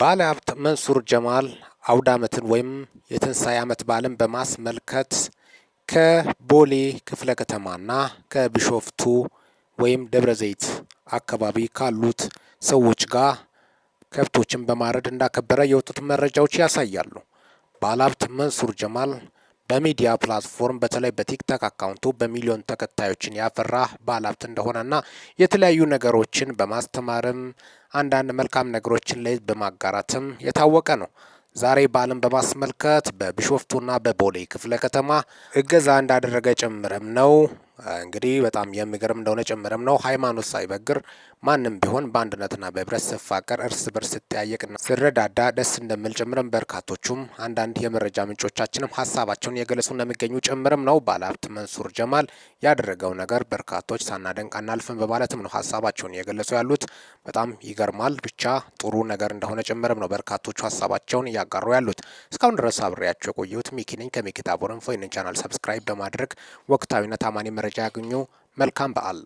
ባለ ሀብት መንሱር ጀማል አውድ ዓመትን ወይም የትንሣኤ ዓመት በዓልን በማስመልከት ከቦሌ ክፍለ ከተማና ከቢሾፍቱ ወይም ደብረ ዘይት አካባቢ ካሉት ሰዎች ጋር ከብቶችን በማረድ እንዳከበረ የወጡት መረጃዎች ያሳያሉ። ባለሀብት መንሱር ጀማል በሚዲያ ፕላትፎርም በተለይ በቲክቶክ አካውንቱ በሚሊዮን ተከታዮችን ያፈራ ባለሀብት እንደሆነና የተለያዩ ነገሮችን በማስተማርም አንዳንድ መልካም ነገሮችን ላይ በማጋራትም የታወቀ ነው። ዛሬ በዓልን በማስመልከት በቢሾፍቱና በቦሌ ክፍለ ከተማ እገዛ እንዳደረገ ጭምርም ነው እንግዲህ በጣም የሚገርም እንደሆነ ጭምርም ነው። ሃይማኖት ሳይበግር ማንም ቢሆን በአንድነትና በህብረት ስፋቀር እርስ በርስ ስተያየቅና ስረዳዳ ደስ እንደምል ጭምርም በርካቶቹም አንዳንድ የመረጃ ምንጮቻችንም ሀሳባቸውን የገለጹ እንደሚገኙ ጭምርም ነው። ባለሀብት መንሱር ጀማል ያደረገው ነገር በርካቶች ሳናደንቅ አናልፍም በማለትም ነው ሀሳባቸውን የገለጹ ያሉት። በጣም ይገርማል። ብቻ ጥሩ ነገር እንደሆነ ጭምርም ነው በርካቶቹ ሀሳባቸውን እያጋሩ ያሉት። እስካሁን ድረስ አብሬያቸው የቆየሁት ሚኪ ነኝ ከሚኪታ ቦረንፎ። ይህንን ቻናል ሰብስክራይብ በማድረግ ወቅታዊና ታማኒ መረጃ መረጃ መልካም በዓል